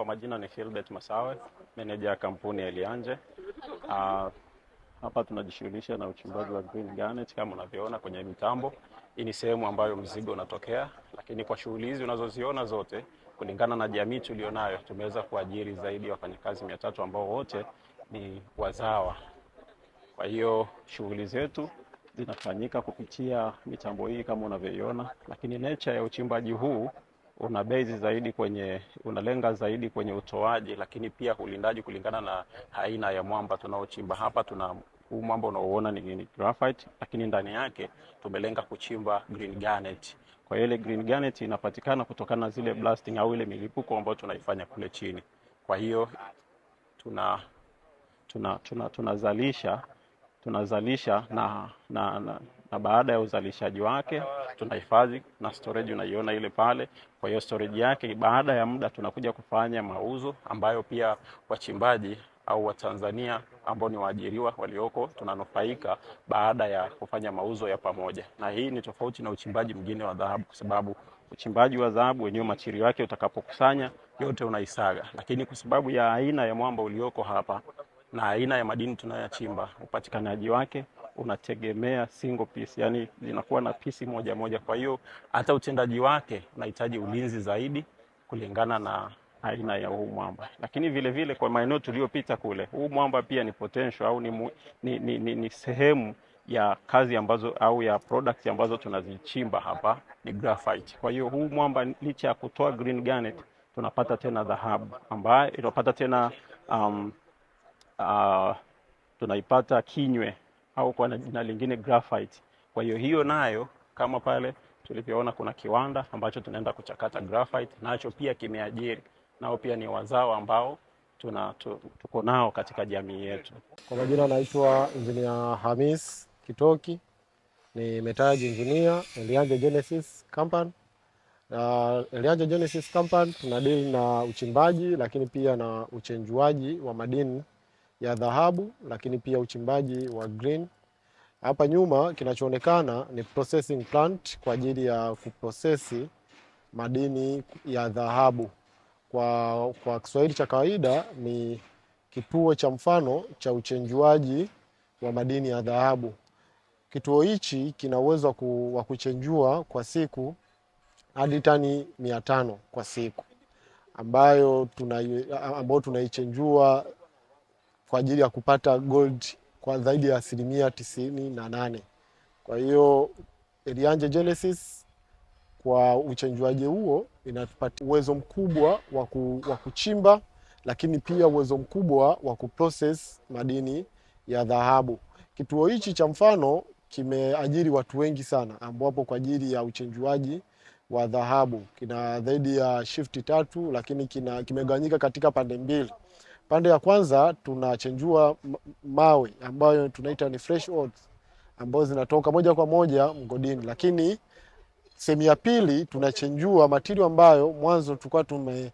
Kwa majina ni Philbert Masawe, meneja ya kampuni Elianje. Uh, ah, hapa tunajishughulisha na uchimbaji wa green garnet kama unavyoona kwenye mitambo. Hii ni sehemu ambayo mzigo unatokea, lakini kwa shughuli hizi unazoziona zote, kulingana na jamii tulionayo, tumeweza kuajiri zaidi ya wafanyakazi mia tatu ambao wote ni wazawa. Kwa hiyo shughuli zetu zinafanyika kupitia mitambo hii kama unavyoiona, lakini nature ya uchimbaji huu una base zaidi kwenye unalenga zaidi kwenye utoaji, lakini pia ulindaji kulingana na aina ya mwamba tunaochimba. Hapa tuna huu mwamba unaoona ni, ni graphite, lakini ndani yake tumelenga kuchimba green garnet. Kwa hiyo ile green garnet inapatikana kutokana na zile blasting au ile milipuko ambayo tunaifanya kule chini. Kwa hiyo tuna tunazalisha tuna, tuna tunazalisha na, na, na na baada ya uzalishaji wake tunahifadhi na storage, unaiona ile pale. Kwa hiyo storage yake, baada ya muda tunakuja kufanya mauzo ambayo pia wachimbaji au Watanzania ambao ni waajiriwa walioko tunanufaika baada ya kufanya mauzo ya pamoja, na hii ni tofauti na uchimbaji mwingine wa dhahabu, kwa sababu uchimbaji wa dhahabu wenyewe machirio yake utakapokusanya yote unaisaga, lakini kwa sababu ya aina ya mwamba ulioko hapa na aina ya madini tunayochimba upatikanaji wake unategemea single piece, yani zinakuwa na pisi moja moja. Kwa hiyo hata utendaji wake unahitaji ulinzi zaidi kulingana na aina ya huu mwamba. Lakini vile vile kwa maeneo tuliyopita kule, huu mwamba pia ni potential au ni, mu, ni, ni, ni, ni sehemu ya kazi ambazo au ya products ambazo tunazichimba hapa ni graphite. Kwa hiyo huu mwamba licha ya kutoa green garnet tunapata tena dhahabu ambayo tunapata tena um, uh, tunaipata kinywe au kwa jina lingine graphite. Kwa hiyo hiyo nayo kama pale tulivyoona kuna kiwanda ambacho tunaenda kuchakata graphite, nacho pia kimeajiri, nao pia ni wazao ambao tuna tu, tuko nao katika jamii yetu. Kwa majina anaitwa Engineer Hamis Kitoki, ni metaji engineer Elianja Genesis Company. Na Elianja Genesis Company tuna deal na uchimbaji lakini pia na uchenjuaji wa madini ya dhahabu, lakini pia uchimbaji wa green. Hapa nyuma kinachoonekana ni processing plant kwa ajili ya kuprosesi madini ya dhahabu. Kwa, kwa Kiswahili cha kawaida ni kituo cha mfano cha uchenjuaji wa madini ya dhahabu. Kituo hichi kina uwezo wa kuchenjua kwa siku hadi tani mia tano kwa siku ambayo tuna, ambayo tunaichenjua kwa ajili ya kupata gold kwa zaidi ya asilimia tisini na nane. Kwa hiyo Elianje Genesis kwa uchenjuaji huo inatupatia uwezo mkubwa wa kuchimba, lakini pia uwezo mkubwa wa kuprocess madini ya dhahabu. Kituo hichi cha mfano kimeajiri watu wengi sana ambapo kwa ajili ya uchenjuaji wa dhahabu kina zaidi ya shifti tatu, lakini kina kimegawanyika katika pande mbili. Pande ya kwanza tunachenjua mawe ambayo tunaita ni fresh oats ambazo zinatoka moja kwa moja mgodini, lakini sehemu ya pili tunachenjua matirio ambayo mwanzo tulikuwa tume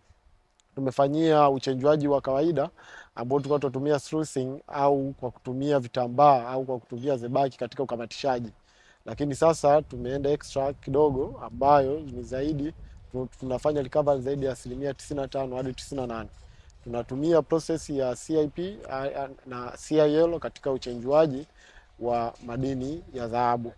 tumefanyia uchenjuaji wa kawaida ambao tulikuwa tunatumia sluicing au kwa kutumia vitambaa au kwa kutumia zebaki katika ukamatishaji, lakini sasa tumeenda extra kidogo, ambayo ni zaidi tunafanya recovery zaidi ya asilimia 95 hadi 98 tunatumia process ya CIP na CIL katika uchenjuaji wa madini ya dhahabu.